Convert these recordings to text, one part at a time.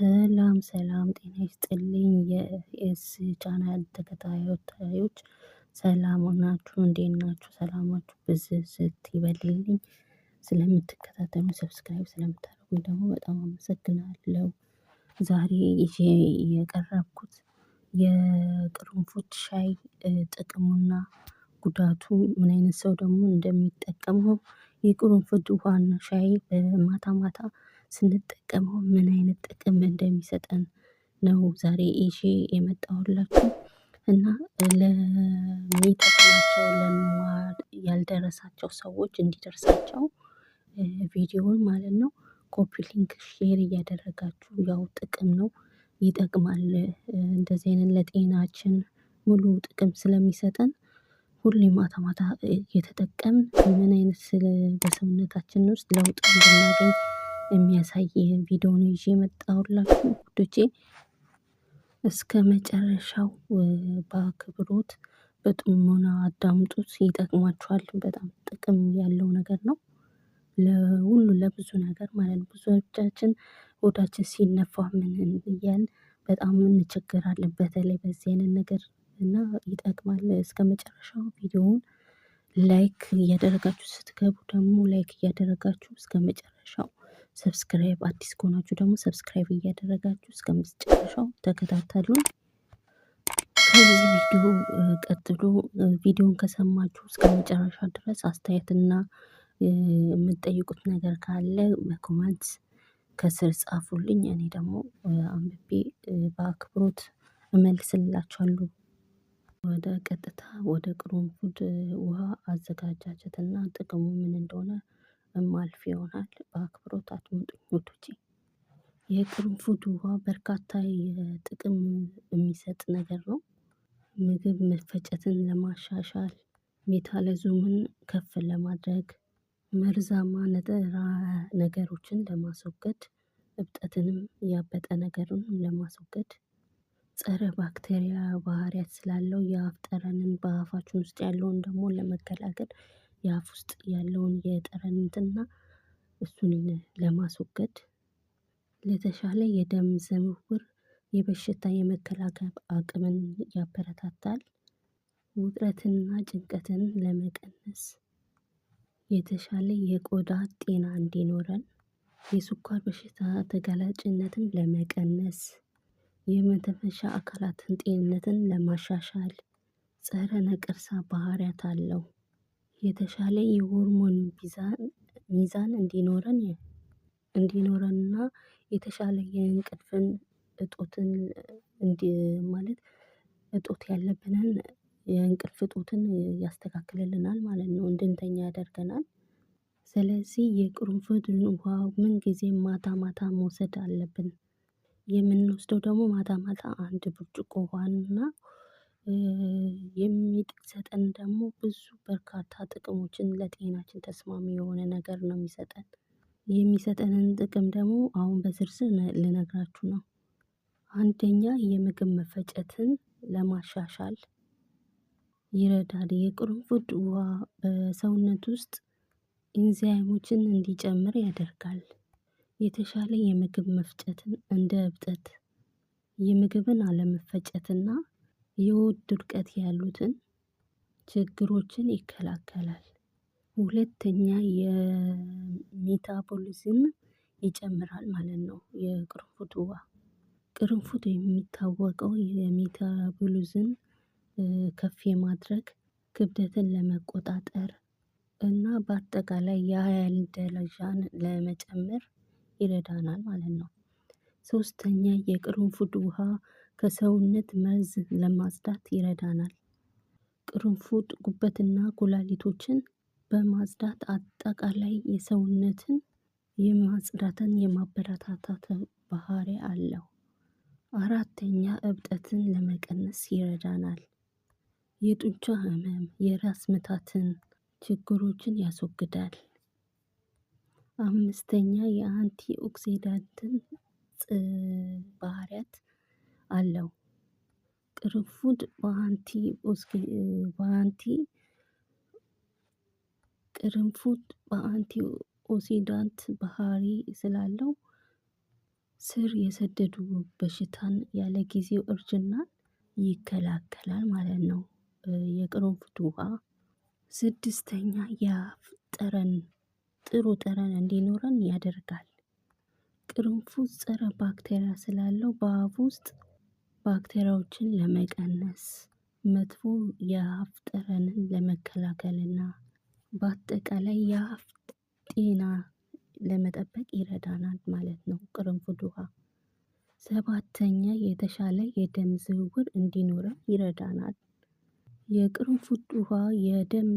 ሰላም ሰላም ጤና ይስጥልኝ የኤስ ቻናል ተከታዮች ሰላም ናችሁ? እንዴት ናችሁ? ሰላማችሁ ብዝዝት ይበልልኝ። ስለምትከታተሉ ሰብስክራይብ ስለምታደርጉኝ ደግሞ በጣም አመሰግናለሁ። ዛሬ ይዤ የቀረብኩት የቅርንፉድ ሻይ ጥቅሙና ጉዳቱ ምን አይነት ሰው ደግሞ እንደሚጠቀመው የቅርንፉድ ውሃና ሻይ በማታ ማታ ስንጠቀመው ምን አይነት ጥቅም እንደሚሰጠን ነው ዛሬ ይዤ የመጣሁላችሁ እና ለሚጠቅማቸው ለመማር ያልደረሳቸው ሰዎች እንዲደርሳቸው ቪዲዮውን ማለት ነው ኮፒ ሊንክ ሼር እያደረጋችሁ ያው ጥቅም ነው ይጠቅማል። እንደዚህ አይነት ለጤናችን ሙሉ ጥቅም ስለሚሰጠን ሁሌ ማታ ማታ እየተጠቀምን ምን አይነት በሰውነታችን ውስጥ ለውጥ እንድናገኝ የሚያሳይ ቪዲዮ ነው ይዤ የመጣሁላችሁ ውዶቼ። እስከ መጨረሻው በአክብሮት በጥሞና አዳምጡት፣ ይጠቅማችኋል። በጣም ጥቅም ያለው ነገር ነው ለሁሉ ለብዙ ነገር ማለት ነው። ብዙዎቻችን ሆዳችን ሲነፋ ምን እያል በጣም እንቸገራለን፣ በተለይ በዚህ አይነት ነገር እና ይጠቅማል። እስከ መጨረሻው ቪዲዮውን ላይክ እያደረጋችሁ ስትገቡ ደግሞ ላይክ እያደረጋችሁ እስከ መጨረሻው ሰብስክራይብ አዲስ ከሆናችሁ ደግሞ ሰብስክራይብ እያደረጋችሁ እስከ መጨረሻው ተከታተሉን። ከዚህ ቪዲዮ ቀጥሎ ቪዲዮን ከሰማችሁ እስከ መጨረሻ ድረስ አስተያየትና የምትጠይቁት ነገር ካለ በኮመንት ከስር ጻፉልኝ። እኔ ደግሞ አንብቤ በአክብሮት እመልስላችኋለሁ። ወደ ቀጥታ ወደ ቅርንፉድ ውሃ አዘጋጃጀትና ጥቅሙ ምን እንደሆነ እማልፍ ይሆናል። በአክብሮት አድምጡኝ ውዶቼ። የቅርንፉድ ውሃ በርካታ የጥቅም የሚሰጥ ነገር ነው። ምግብ መፈጨትን ለማሻሻል፣ ሜታለዙምን ከፍ ለማድረግ፣ መርዛማ ነጠ ነገሮችን ለማስወገድ፣ እብጠትንም ያበጠ ነገርን ለማስወገድ፣ ጸረ ባክቴሪያ ባህሪያት ስላለው የአፍ ጠረንን በአፋችን ውስጥ ያለውን ደግሞ ለመከላከል የአፍ ውስጥ ያለውን የጠረን እንትና እሱን ለማስወገድ ለተሻለ የደም ዝውውር የበሽታ የመከላከል አቅምን ያበረታታል። ውጥረትንና ጭንቀትን ለመቀነስ የተሻለ የቆዳ ጤና እንዲኖረን፣ የስኳር በሽታ ተጋላጭነትን ለመቀነስ፣ የመተንፈሻ አካላትን ጤንነትን ለማሻሻል ጸረ ነቀርሳ ባህሪያት አለው። የተሻለ የሆርሞን ሚዛን እንዲኖረን እንዲኖረንና የተሻለ የእንቅልፍን እጦትን ማለት እጦት ያለብንን የእንቅልፍ እጦትን ያስተካክልልናል ማለት ነው። እንድንተኛ ያደርገናል። ስለዚህ የቅርንፉድን ውሃ ምን ጊዜ ማታ ማታ መውሰድ አለብን። የምንወስደው ደግሞ ማታ ማታ አንድ ብርጭቆ ውሃንና የሚሰጠን ደግሞ ብዙ በርካታ ጥቅሞችን ለጤናችን ተስማሚ የሆነ ነገር ነው የሚሰጠን። የሚሰጠንን ጥቅም ደግሞ አሁን በዝርዝር ልነግራችሁ ነው። አንደኛ የምግብ መፈጨትን ለማሻሻል ይረዳል። የቅርንፉድ ውሃ በሰውነት ውስጥ ኢንዛይሞችን እንዲጨምር ያደርጋል። የተሻለ የምግብ መፍጨትን እንደ እብጠት የምግብን አለመፈጨትና የሆድ ድርቀት ያሉትን ችግሮችን ይከላከላል። ሁለተኛ የሜታቦሊዝም ይጨምራል ማለት ነው። የቅርንፉት ውሃ ቅርንፉት የሚታወቀው የሜታቦሊዝም ከፍ የማድረግ ክብደትን ለመቆጣጠር እና በአጠቃላይ የኃይል ደረጃን ለመጨመር ይረዳናል ማለት ነው። ሶስተኛ የቅርንፉድ ውሃ ከሰውነት መርዝ ለማጽዳት ይረዳናል። ቅርንፉድ ጉበትና ኩላሊቶችን በማጽዳት አጠቃላይ የሰውነትን የማጽዳትን የማበረታታት ባህሪ አለው። አራተኛ እብጠትን ለመቀነስ ይረዳናል። የጡንቻ ህመም የራስ ምታትን ችግሮችን ያስወግዳል። አምስተኛ የአንቲ ኦክሲዳንትን ባህሪያት አለው። ቅርንፉድ በአንቲ በአንቲ ቅርንፉድ በአንቲ ኦክሲዳንት ባህሪ ስላለው ስር የሰደዱ በሽታን ያለ ጊዜው እርጅናን ይከላከላል ማለት ነው። የቅርንፉድ ውሃ ስድስተኛ የአፍ ጠረን ጥሩ ጠረን እንዲኖረን ያደርጋል። ቅርንፉድ ጸረ ባክቴሪያ ስላለው በአፍ ውስጥ ባክቴሪያዎችን ለመቀነስ መጥፎ የአፍ ጠረንን ለመከላከልና በአጠቃላይ የአፍ ጤና ለመጠበቅ ይረዳናል ማለት ነው ቅርንፉድ ውሃ። ሰባተኛ የተሻለ የደም ዝውውር እንዲኖረን ይረዳናል። የቅርንፉድ ውሃ የደም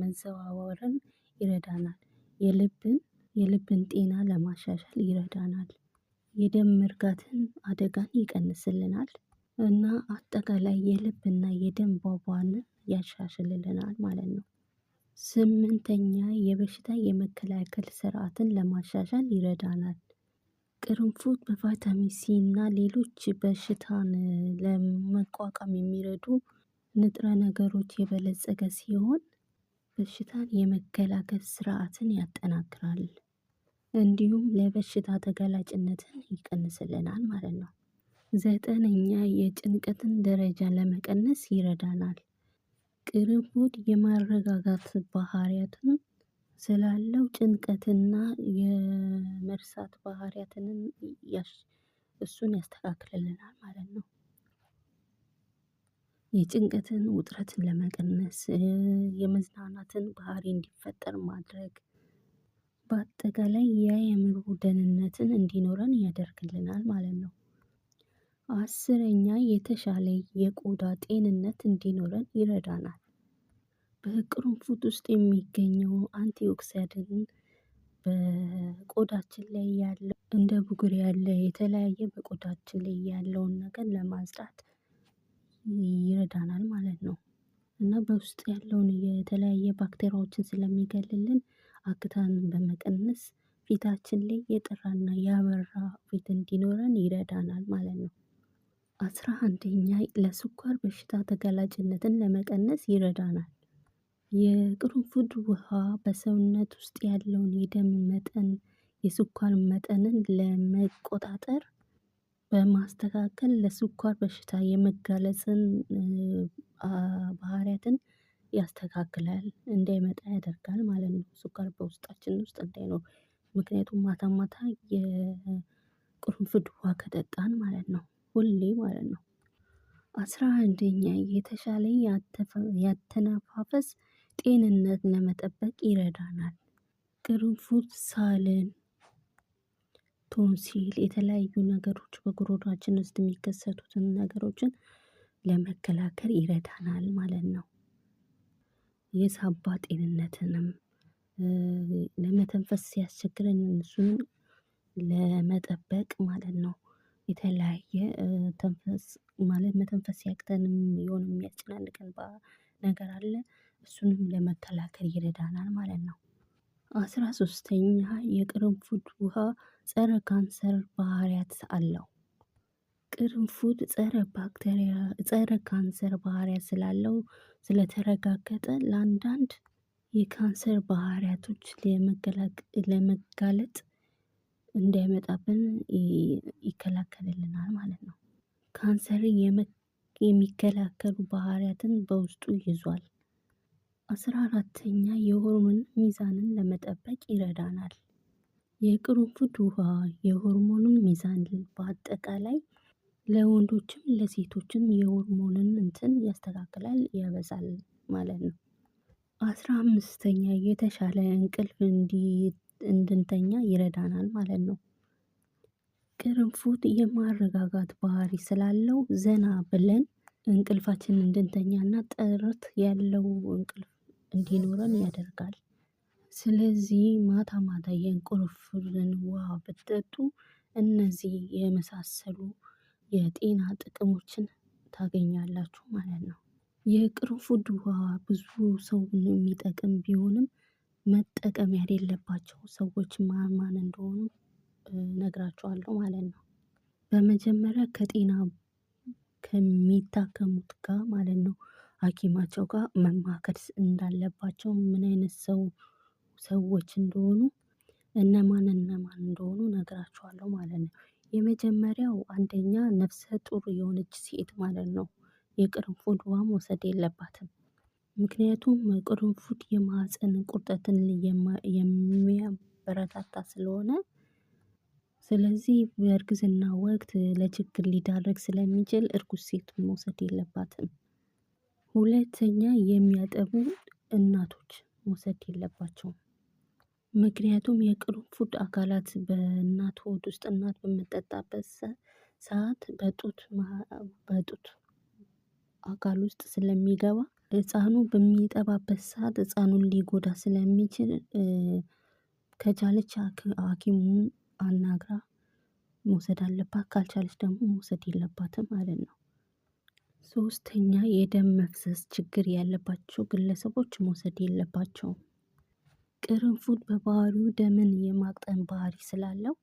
መዘዋወርን ይረዳናል። የልብን የልብን ጤና ለማሻሻል ይረዳናል። የደም መርጋትን አደጋን ይቀንስልናል እና አጠቃላይ የልብና የደም ቧቧን ያሻሽልልናል ማለት ነው። ስምንተኛ የበሽታ የመከላከል ስርዓትን ለማሻሻል ይረዳናል። ቅርንፉድ በቫይታሚን ሲ እና ሌሎች በሽታን ለመቋቋም የሚረዱ ንጥረ ነገሮች የበለጸገ ሲሆን በሽታን የመከላከል ስርዓትን ያጠናክራል። እንዲሁም ለበሽታ ተጋላጭነትን ይቀንስልናል ማለት ነው። ዘጠነኛ የጭንቀትን ደረጃ ለመቀነስ ይረዳናል። ቅርቡድ የማረጋጋት ባህሪያትን ስላለው ጭንቀትና የመርሳት ባህሪያትንን እሱን ያስተካክልልናል ማለት ነው። የጭንቀትን ውጥረትን ለመቀነስ የመዝናናትን ባህሪ እንዲፈጠር ማድረግ በአጠቃላይ ያ የምግቡ ደህንነትን እንዲኖረን ያደርግልናል ማለት ነው። አስረኛ የተሻለ የቆዳ ጤንነት እንዲኖረን ይረዳናል። በቅርንፉድ ውስጥ የሚገኘው አንቲኦክሲዳንትን በቆዳችን ላይ ያለው እንደ ብጉር ያለ የተለያየ በቆዳችን ላይ ያለውን ነገር ለማጽዳት ይረዳናል ማለት ነው። እና በውስጥ ያለውን የተለያየ ባክቴሪያዎችን ስለሚገልልን አክታን በመቀነስ ፊታችን ላይ የጠራና ያበራ ፊት እንዲኖረን ይረዳናል ማለት ነው። አስራ አንደኛ ለስኳር በሽታ ተጋላጭነትን ለመቀነስ ይረዳናል። የቅርንፉድ ውሃ በሰውነት ውስጥ ያለውን የደም መጠን፣ የስኳር መጠንን ለመቆጣጠር በማስተካከል ለስኳር በሽታ የመጋለጽን ባህሪያትን ያስተካክላል እንዳይመጣ ያደርጋል ማለት ነው። ሱካር በውስጣችን ውስጥ እንዳይኖር ምክንያቱም ማታ ማታ የቅርንፉድ ውሃ ከጠጣን ማለት ነው ሁሌ ማለት ነው። አስራ አንደኛ የተሻለ ያተነፋፈስ ጤንነት ለመጠበቅ ይረዳናል። ቅርንፉድ ሳልን ቶንሲል የተለያዩ ነገሮች በጉሮሮአችን ውስጥ የሚከሰቱትን ነገሮችን ለመከላከል ይረዳናል ማለት ነው የሳባ ጤንነትንም ለመተንፈስ ሲያስቸግረን እሱን ለመጠበቅ ማለት ነው። የተለያየ ተንፈስ ማለት መተንፈስ ሲያቅተንም የሆነ የሚያጨናንቀን ነገር አለ እሱንም ለመከላከል ይረዳናል ማለት ነው። አስራ ሶስተኛ የቅርንፉድ ውሃ ፀረ ካንሰር ባህሪያት አለው ቅርንፉድ ጸረ ባክቴሪያ ጸረ ካንሰር ባህሪያ ስላለው ስለተረጋገጠ ለአንዳንድ የካንሰር ባህሪያቶች ለመጋለጥ እንዳይመጣብን ይከላከልልናል ማለት ነው። ካንሰርን የሚከላከሉ ባህሪያትን በውስጡ ይዟል። አስራ አራተኛ የሆርሞን ሚዛንን ለመጠበቅ ይረዳናል። የቅርንፉድ ውሃ የሆርሞኑን ሚዛን በአጠቃላይ ለወንዶችም ለሴቶችም የሆርሞንን እንትን ያስተካክላል ያበዛል ማለት ነው። አስራ አምስተኛ የተሻለ እንቅልፍ እንድንተኛ ይረዳናል ማለት ነው። ቅርንፉት የማረጋጋት ባህሪ ስላለው ዘና ብለን እንቅልፋችንን እንድንተኛና ጥርት ያለው እንቅልፍ እንዲኖረን ያደርጋል። ስለዚህ ማታ ማታ የእንቅልፍን ውሃ ብትጠጡ እነዚህ የመሳሰሉ የጤና ጥቅሞችን ታገኛላችሁ ማለት ነው። የቅርንፉድ ውሃ ብዙ ሰው የሚጠቅም ቢሆንም መጠቀም የሌለባቸው ሰዎች ማን ማን እንደሆኑ እነግራችኋለሁ ማለት ነው። በመጀመሪያ ከጤና ከሚታከሙት ጋር ማለት ነው ሀኪማቸው ጋር መማከር እንዳለባቸው ምን አይነት ሰው ሰዎች እንደሆኑ እነማን እነማን እንደሆኑ እነግራችኋለሁ ማለት ነው። የመጀመሪያው አንደኛ ነፍሰ ጡር የሆነች ሴት ማለት ነው የቅርንፉድ ውሃ መውሰድ የለባትም። ምክንያቱም ቅርንፉድ የማህፀን ቁርጠትን የሚያበረታታ ስለሆነ ስለዚህ በእርግዝና ወቅት ለችግር ሊዳረግ ስለሚችል እርጉዝ ሴት መውሰድ የለባትም። ሁለተኛ የሚያጠቡ እናቶች መውሰድ የለባቸውም ምክንያቱም የቅርንፉድ አካላት በእናት ሆድ ውስጥ እናት በምጠጣበት ሰዓት በጡት በጡት አካል ውስጥ ስለሚገባ ህፃኑ በሚጠባበት ሰዓት ህፃኑን ሊጎዳ ስለሚችል ከቻለች ሐኪሙን አናግራ መውሰድ አለባት። ካልቻለች ደግሞ መውሰድ የለባትም ማለት ነው። ሶስተኛ የደም መፍሰስ ችግር ያለባቸው ግለሰቦች መውሰድ የለባቸውም። ቅርንፉድ በባህሪው ደምን የማቅጠን ባህሪ ስላለው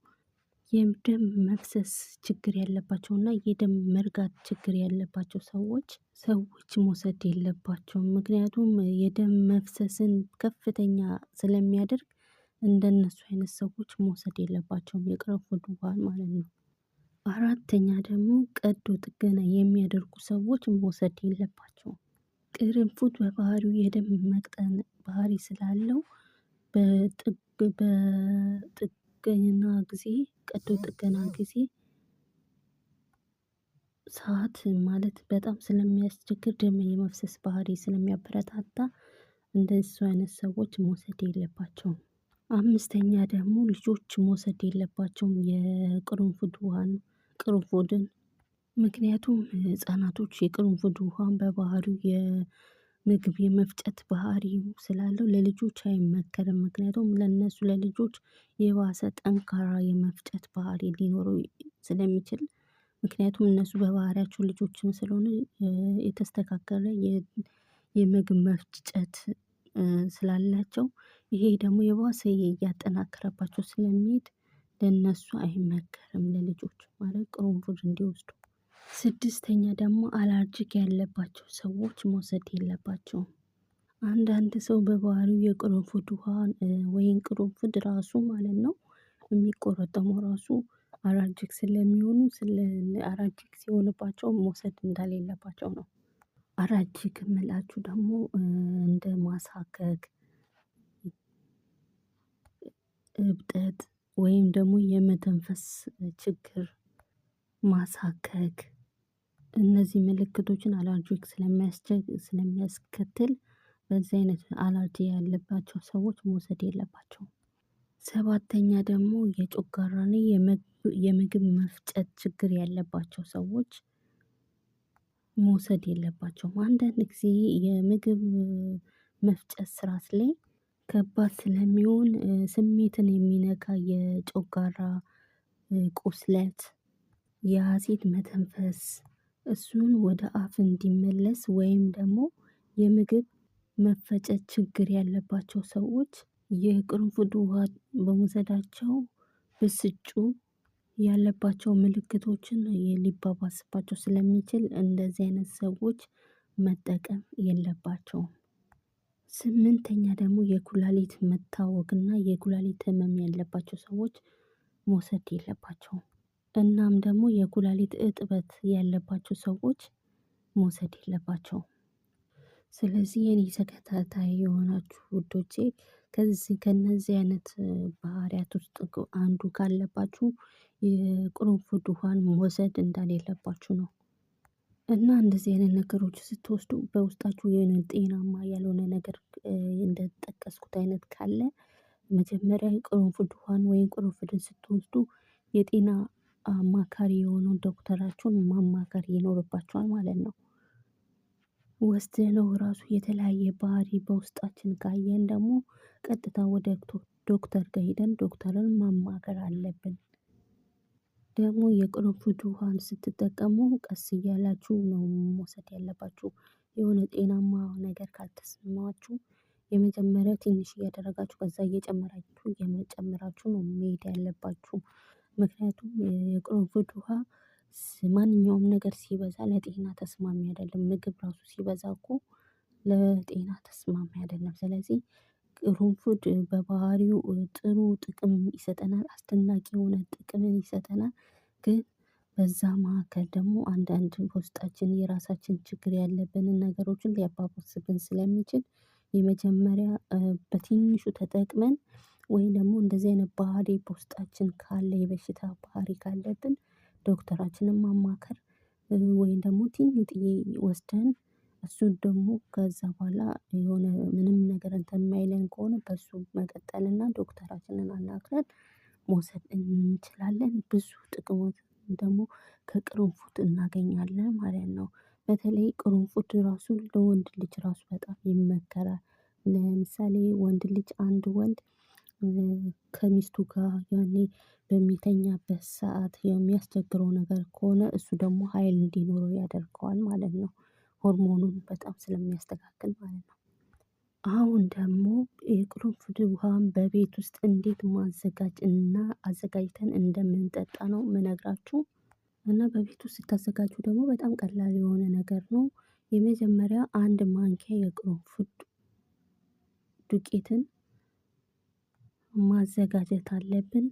የደም መፍሰስ ችግር ያለባቸው እና የደም መርጋት ችግር ያለባቸው ሰዎች ሰዎች መውሰድ የለባቸውም። ምክንያቱም የደም መፍሰስን ከፍተኛ ስለሚያደርግ እንደነሱ አይነት ሰዎች መውሰድ የለባቸውም የቅርንፉድ ውሃን ማለት ነው። አራተኛ ደግሞ ቀዶ ጥገና የሚያደርጉ ሰዎች መውሰድ የለባቸውም። ቅርንፉድ በባህሪው የደም መቅጠን ባህሪ ስላለው በጥገና ጊዜ ቀዶ ጥገና ጊዜ ሰዓት ማለት በጣም ስለሚያስቸግር ደም የመፍሰስ ባህሪ ስለሚያበረታታ እንደሱ አይነት ሰዎች መውሰድ የለባቸውም። አምስተኛ ደግሞ ልጆች መውሰድ የለባቸውም የቅርንፉድ ውሃን ቅርንፉድን ምክንያቱም ህፃናቶች የቅርንፉድ ውሃን በባህሪው የ ምግብ የመፍጨት ባህሪ ስላለው ለልጆች አይመከርም። ምክንያቱም ለነሱ ለልጆች የባሰ ጠንካራ የመፍጨት ባህሪ ሊኖረው ስለሚችል ምክንያቱም እነሱ በባህሪያቸው ልጆችን ስለሆነ የተስተካከለ የምግብ መፍጨት ስላላቸው ይሄ ደግሞ የባሰ እያጠናከረባቸው ስለሚሄድ ለእነሱ አይመከርም። ለልጆች ማለት ቅርንፉድ እንዲወስዱ ስድስተኛ ደግሞ አላርጂክ ያለባቸው ሰዎች መውሰድ የለባቸውም። አንዳንድ ሰው በባህሪው የቅርንፉድ ውሃን ወይም ቅርንፉድ ራሱ ማለት ነው የሚቆረጠመው ራሱ አላርጂክ ስለሚሆኑ ስለ አላርጂክ ሲሆንባቸው መውሰድ እንደሌለባቸው ነው። አላርጂክ የምላችሁ ደግሞ እንደ ማሳከክ እብጠት ወይም ደግሞ የመተንፈስ ችግር ማሳከክ እነዚህ ምልክቶችን አለርጂክ ስለሚያስከትል በዚህ አይነት አላርጂ ያለባቸው ሰዎች መውሰድ የለባቸውም። ሰባተኛ ደግሞ የጨጓራና የምግብ መፍጨት ችግር ያለባቸው ሰዎች መውሰድ የለባቸውም። አንዳንድ ጊዜ የምግብ መፍጨት ስርዓት ላይ ከባድ ስለሚሆን ስሜትን የሚነካ የጨጓራ ቁስለት፣ የሀሴት መተንፈስ እሱን ወደ አፍ እንዲመለስ ወይም ደግሞ የምግብ መፈጨት ችግር ያለባቸው ሰዎች የቅርንፉድ ውሃ በመውሰዳቸው ብስጩ ያለባቸው ምልክቶችን ሊባባስባቸው ስለሚችል እንደዚህ አይነት ሰዎች መጠቀም የለባቸውም። ስምንተኛ ደግሞ የኩላሊት መታወክና የኩላሊት ህመም ያለባቸው ሰዎች መውሰድ የለባቸውም። እናም ደግሞ የኩላሊት እጥበት ያለባቸው ሰዎች መውሰድ የለባቸውም። ስለዚህ የኔ ተከታታይ የሆናችሁ ውዶቼ ከዚህ ከነዚህ አይነት ባህሪያት ውስጥ አንዱ ካለባችሁ የቅርንፉድ ውሃን መውሰድ እንደሌለባችሁ ነው። እና እንደዚህ አይነት ነገሮች ስትወስዱ በውስጣችሁ የሆነ ጤናማ ያልሆነ ነገር እንደጠቀስኩት አይነት ካለ መጀመሪያ የቅርንፉድ ውሃን ወይም ቅርንፉድን ስትወስዱ የጤና አማካሪ የሆነው ዶክተራችሁን ማማከር ይኖርባችኋል ማለት ነው። ነው ራሱ የተለያየ ባህሪ በውስጣችን ካየን ደግሞ ቀጥታ ወደ ዶክተር ጋር ሄደን ዶክተርን ማማከር አለብን። ደግሞ የቅርንፉድ ውሃን ስትጠቀሙ ቀስ እያላችሁ ነው መውሰድ ያለባችሁ። የሆነ ጤናማ ነገር ካልተሰማችሁ የመጀመሪያ ትንሽ እያደረጋችሁ ከዛ እየጨመራችሁ እየጨመራችሁ ነው መሄድ ያለባችሁ። ምክንያቱም የቅርንፉድ ውሃ ማንኛውም ነገር ሲበዛ ለጤና ተስማሚ አይደለም። ምግብ ራሱ ሲበዛ እኮ ለጤና ተስማሚ አይደለም። ስለዚህ ቅርንፉድ በባህሪው ጥሩ ጥቅም ይሰጠናል አስደናቂ የሆነ ጥቅምን ይሰጠናል። ግን በዛ መካከል ደግሞ አንዳንድ በውስጣችን የራሳችን ችግር ያለብንን ነገሮችን ሊያባብስብን ስለሚችል የመጀመሪያ በትንሹ ተጠቅመን ወይም ደግሞ እንደዚህ አይነት ባህሪ በውስጣችን ካለ የበሽታ ባህሪ ካለብን ዶክተራችንን ማማከር ወይም ደግሞ ትንጥዬ ወስደን እሱ ደግሞ ከዛ በኋላ የሆነ ምንም ነገር እንትን የማይለን ከሆነ በሱ መቀጠልና ዶክተራችንን አናግረን መውሰድ እንችላለን። ብዙ ጥቅሞች ደግሞ ከቅርንፉት እናገኛለን ማለት ነው። በተለይ ቅርንፉት ራሱ ለወንድ ልጅ ራሱ በጣም ይመከራል። ለምሳሌ ወንድ ልጅ አንድ ወንድ ከሚስቱ ጋር ያኔ በሚተኛበት ሰዓት የሚያስቸግረው ነገር ከሆነ እሱ ደግሞ ሀይል እንዲኖረው ያደርገዋል ማለት ነው። ሆርሞኑን በጣም ስለሚያስተካክል ማለት ነው። አሁን ደግሞ የቅርንፉድ ውሃን በቤት ውስጥ እንዴት ማዘጋጅ እና አዘጋጅተን እንደምንጠጣ ነው ምነግራችሁ እና በቤት ውስጥ ስታዘጋጁ ደግሞ በጣም ቀላል የሆነ ነገር ነው። የመጀመሪያ አንድ ማንኪያ የቅርንፉድ ዱቄትን ማዘጋጀት አለብን።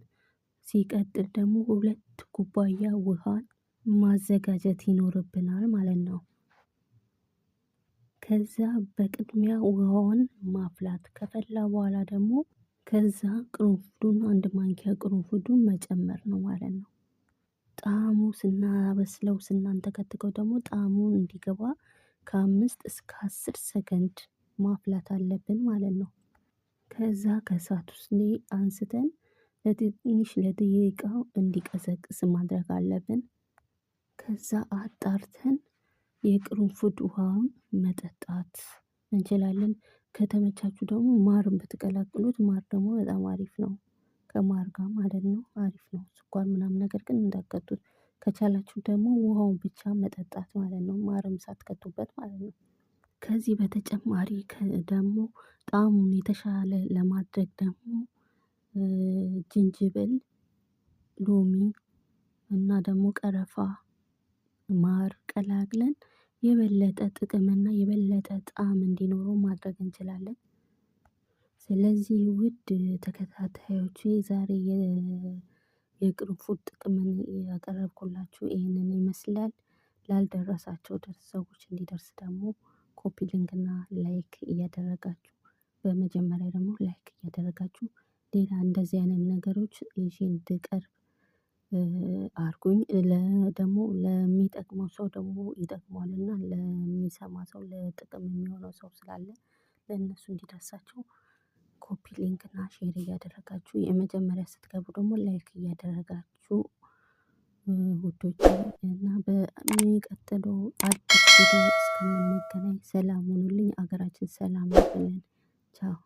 ሲቀጥል ደግሞ ሁለት ኩባያ ውሃን ማዘጋጀት ይኖርብናል ማለት ነው። ከዛ በቅድሚያ ውሃውን ማፍላት ከፈላ በኋላ ደግሞ ከዛ ቅርንፉዱን አንድ ማንኪያ ቅርንፉዱን መጨመር ነው ማለት ነው። ጣዕሙ ስናበስለው ስናንተከትከው ደግሞ ጣዕሙ እንዲገባ ከአምስት እስከ አስር ሰከንድ ማፍላት አለብን ማለት ነው ከዛ ከእሳት ውስጥ አንስተን ለትንሽ ለደቂቃው እንዲቀዘቅስ ማድረግ አለብን። ከዛ አጣርተን የቅርንፉድ ውሃውን መጠጣት እንችላለን። ከተመቻቹ ደግሞ ማርን ብትቀላቅሉት ማር ደግሞ በጣም አሪፍ ነው። ከማር ጋር ማለት ነው አሪፍ ነው። ስኳር ምናምን ነገር ግን እንዳትከቱት። ከቻላችሁ ደግሞ ውሃውን ብቻ መጠጣት ማለት ነው። ማርም ሳትከቱበት ማለት ነው። ከዚህ በተጨማሪ ደግሞ ጣዕሙን የተሻለ ለማድረግ ደግሞ ጅንጅብል፣ ሎሚ እና ደግሞ ቀረፋ፣ ማር ቀላቅለን የበለጠ ጥቅምና የበለጠ ጣዕም እንዲኖረው ማድረግ እንችላለን። ስለዚህ ውድ ተከታታዮች ዛሬ የቅርንፉድ ጥቅምን ያቀረብኩላችሁ ይህንን ይመስላል። ላልደረሳቸው ሰዎች እንዲደርስ ደግሞ ኮፒ ሊንክ እና ላይክ እያደረጋችሁ በመጀመሪያ ደግሞ ላይክ እያደረጋችሁ ሌላ እንደዚህ አይነት ነገሮች ይዤ እንድቀርብ አድርጉኝ። ደግሞ ለሚጠቅመው ሰው ደግሞ ይጠቅመዋል እና ለሚሰማ ሰው ለጥቅም የሚሆነው ሰው ስላለ ለእነሱ እንዲደርሳቸው ኮፒ ሊንክ እና ሼር እያደረጋችሁ የመጀመሪያ ስትገቡ ደግሞ ላይክ እያደረጋችሁ ውዶች እና በሚቀጥለው አዲስ ቪዲዮ እስከምንገናኝ ሰላም ሁኑልኝ። አገራችን ሰላም ያድርግልን። ቻው